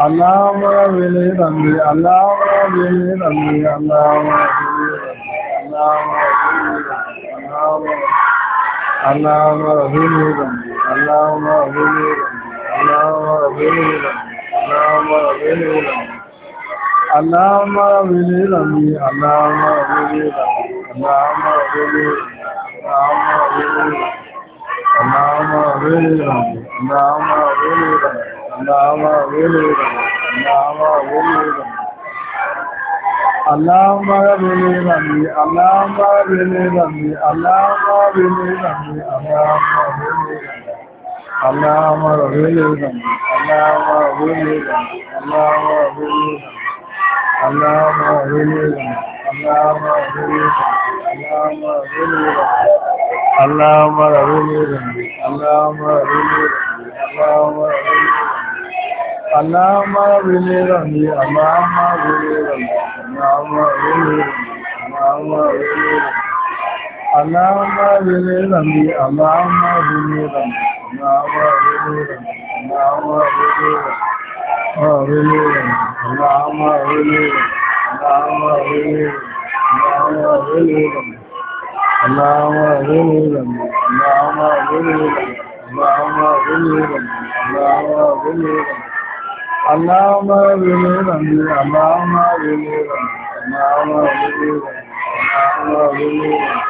Allahumma rabbi rabbi Allahumma rabbi rabbi Allahumma rabbi rabbi Allahumma rabbi rabbi Allahumma rabbi rabbi Allahumma rabbi rabbi Allahumma rabbi Rama Velu, Rama Velu, Rama Velu, Rama Velu. Allama Velirami, Allama Velirami, Allama Velirami, Allama Velirami. Allama Velirami, Allama Velirami, Allama alama zuluwa alama zuluwa alama zuluwa alama zuluwa alama zuluwa alama zuluwa alama zuluwa alama alama zuluwa alama alama zuluwa Allahumma zini zambi, Allahumma zini zambi, Allahumma zini zambi, Allahumma zini zambi, Allahumma zini zambi, Allahumma zini zambi, Allahumma zini zambi, Allahumma zini zambi, Allahumma zini zambi, Allahumma zini Allahumma zini Allahumma zini Allahumma zini Allahumma zini Allahumma zini Allahumma zini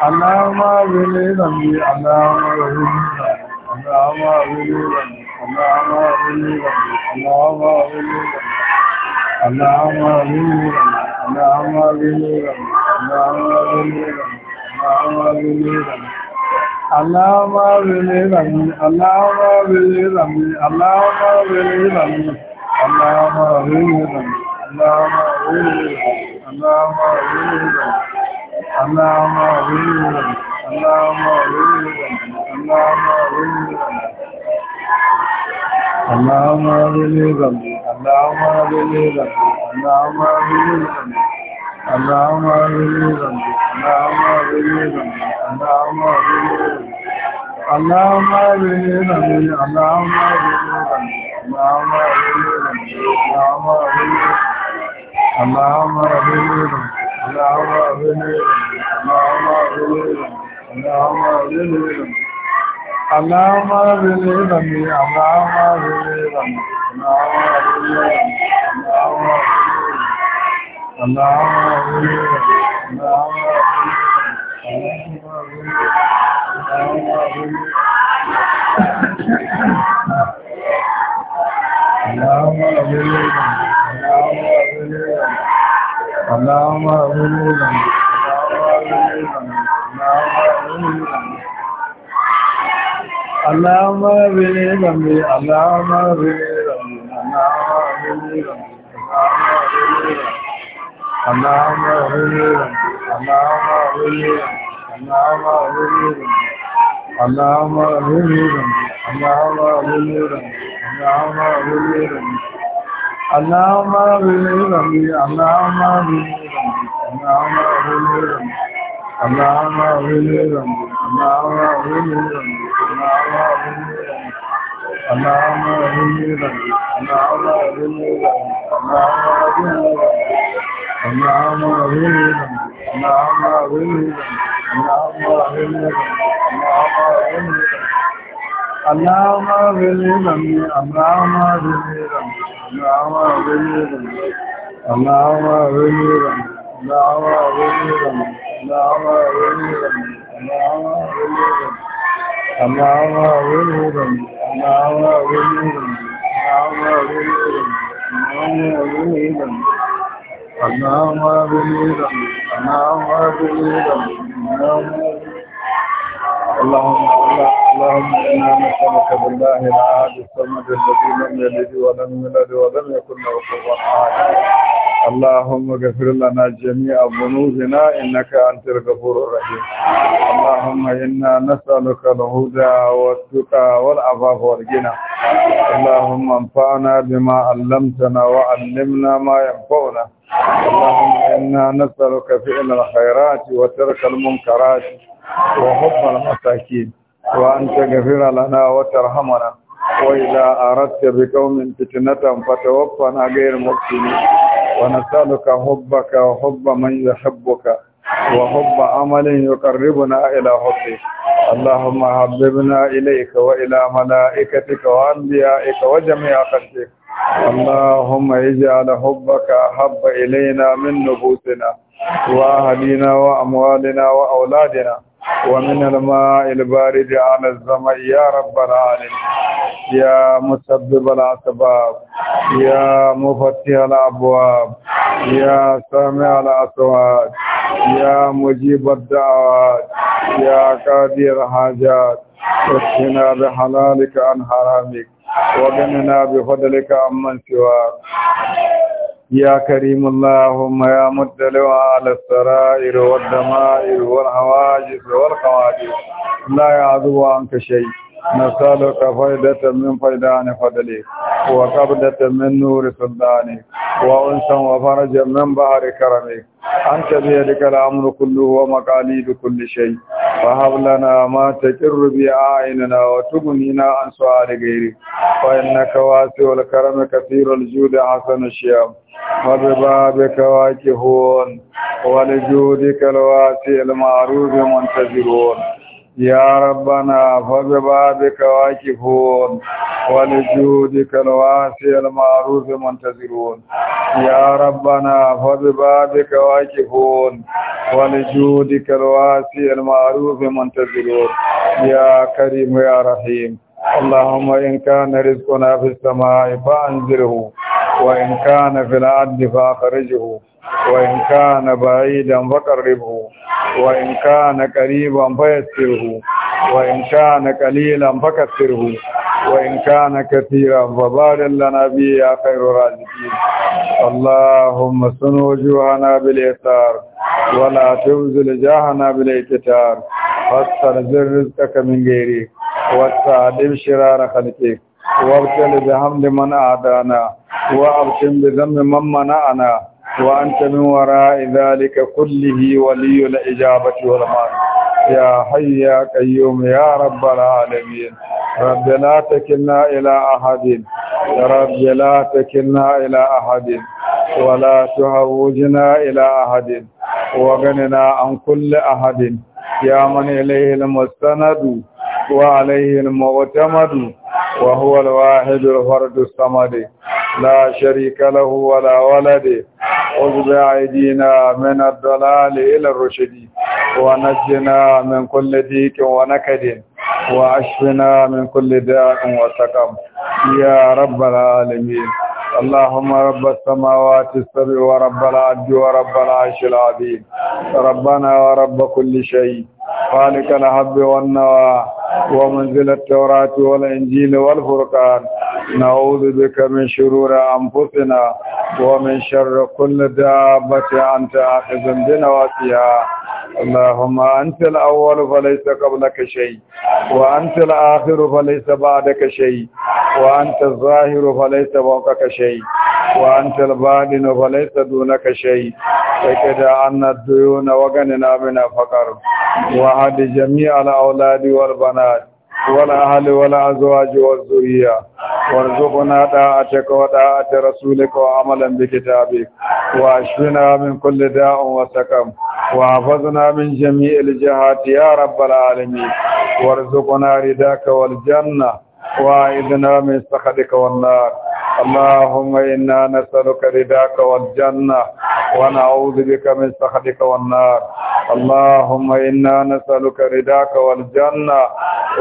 alama wele zambi alama wele zambi alama wele zambi alama wele zambi alama wele alama wele alama wele alama wele alama wele اللهم غفر اللهم غفر اللهم غفر اللهم اغفر لي ذنبي اللهم اغفر لي ذنبي اللهم اغفر لي ذنبي اللهم اغفر لي ذنبي اللهم اغفر لي ذنبي اللهم اغفر لي ذنبي اللهم اغفر لي ذنبي اللهم اغفر لي ذنبي اللهم اغفر لي ذنبي اللهم اغفر لي ذنبي اللهم اغفر لي ذنبي اللهم اغفر اللهم اغفر اللهم اغفر اللهم اغفر اللهم اغفر اللهم اغفر اللهم اغفر اللهم اغفر اللهم غفور اللهم اغفر ذنبي اللهم اغفر ذنبي اللهم اغفر ذنبي اللهم اغفر ذنبي اللهم اغفر ذنبي اللهم اغفر ذنبي اللهم اغفر ذنبي اللهم اغفر ذنبي Allahumma rabbi rabbi Allahumma rabbi Allahumma rabbi Allahumma rabbi Allahumma நாம வெளியிடும் நாம வெளியிடும் நாம வெளியிடும் நாம வெளியிடும் நாம வெளியிடும் நாம வெளியிடும் நாம வெளியிடும் நாம வெளியிடும் நாம வெளியிடும் நாம வெளியிடும் நாம வெளியிடும் நாம اللهم الله اللهم إنا نسألك بالله العهد الصمد الذي لم يلد ولم يولد ولم يكن له كفوا أحد اللهم اغفر لنا جميع ذنوبنا إنك أنت الغفور الرحيم اللهم إنا نسألك الهدى والتقى والعفاف والغنى اللهم انفعنا بما علمتنا وعلمنا ما ينفعنا اللهم إنا نسألك فعل الخيرات وترك المنكرات وحب المساكين وأن تغفر لنا وترحمنا وإذا أردت بكوم فتنة فتوفنا غير مفتنين ونسألك حبك وحب من يحبك وحب عمل يقربنا إلى حبك اللهم حببنا إليك وإلى ملائكتك وأنبيائك وجميع خلقك اللهم اجعل حبك أحب إلينا من نفوسنا وأهلنا وأموالنا وأولادنا ومن الماء البارد على الزمع يا رب العالمين يا مسبب الأسباب يا مفتح الأبواب يا سامع الأصوات يا مجيب الدعوات يا قاضي الحاجات اكفنا بحلالك عن حرامك وغننا بفضلك عمن سواك يا كريم اللهم يا مدلع على السرائر والدمائر والهواجس والقوادير لا يعذب عنك شيء نسألك فائدة من فائدان فضلك وقبلة من نور سلطانك وأنسا وفرجا من بحر كرمك أنت بيدك الأمر كله ومقاليد كل شيء فهب لنا ما تجر بأعيننا وتبنينا عن سؤال غيري فإنك واسع الكرم كثير الجود حسن الشيام وببابك واكهون ولجودك الواسع المعروف منتظرون يا ربنا فببابك واكفون ولجودك الواسع المعروف منتظرون يا ربنا فببابك واكفون ولجودك الواسع المعروف منتظرون يا كريم يا رحيم اللهم إن كان رزقنا في السماء فأنزله وإن كان في الأرض فأخرجه وإن كان بعيدا فقربه وإن كان قريبا فيسره وإن كان قليلا فكثره وإن كان كثيرا فبارك لنا به يا خير الرازقين اللهم سن وجوهنا باليسار ولا تبذل جاهنا بالاكتار فاسترزق رزقك من غيرك واستعدم شرار خلقك وابتل بحمد من أعدانا وأبشم بذنب من منعنا وأنت من وراء ذلك كله ولي الإجابة والمعنى يا حي يا قيوم يا رب العالمين رب لا تكلنا إلى أحد رب لا تكلنا إلى أحد ولا تهوجنا إلى أحد وغننا عن كل أحد يا من إليه المستند وعليه المعتمد وهو الواحد الفرد الصمد لا شريك له ولا ولد وزبع أيدينا من الضلال إلى الرشد ونجنا من كل ديك ونكد واشفنا من كل داء وسقم يا رب العالمين اللهم رب السماوات السبع ورب العبد ورب العرش العظيم ربنا ورب كل شيء خالق الحب والنوى ومنزل التوراة والإنجيل والفرقان نعوذ بك من شرور أنفسنا ومن شر كل دابة أنت آخذ بنواسيها اللهم أنت الأول فليس قبلك شيء وأنت الآخر فليس بعدك شيء وأنت الظاهر فليس فوقك شيء وأنت البادن فليس دونك شيء فكد عنا الديون وغننا من فقر وعد جميع الأولاد والبنات والأهل والأزواج والذرية وارزقنا طاعتك وطاعة رسولك وعملا بكتابك واشفنا من كل داء وسقم وحفظنا من جميع الجهات يا رب العالمين وارزقنا رداك والجنة وإذنا من سخدك والنار اللهم إنا نسألك رداك والجنة ونعوذ بك من سخدك والنار اللهم إنا نسألك رداك والجنة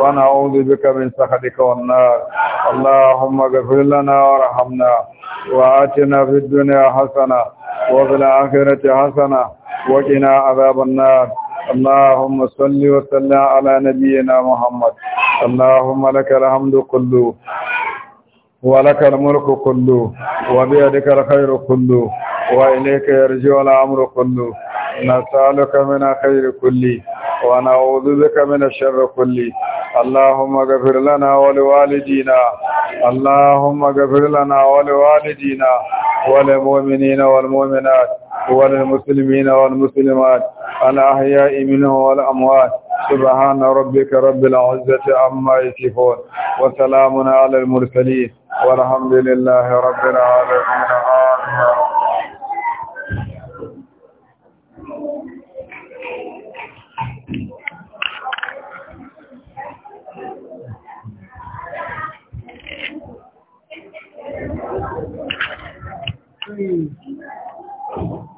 ونعوذ بك من سخدك والنار اللهم اغفر لنا وارحمنا وآتنا في الدنيا حسنة وفي الآخرة حسنة وقنا عذاب النار اللهم صل وسلم على نبينا محمد اللهم لك الحمد كله ولك الملك كله وبيدك الخير كله وإليك يرجع الأمر كله نسألك من خير كله ونعوذ بك من الشر كله اللهم اغفر لنا ولوالدينا اللهم اغفر لنا ولوالدينا وللمؤمنين والمؤمنات وللمسلمين والمسلمات الأحياء منهم والأموات سبحان ربك رب العزة عما يصفون وسلام على المرسلين والحمد لله رب العالمين آمين Thank you.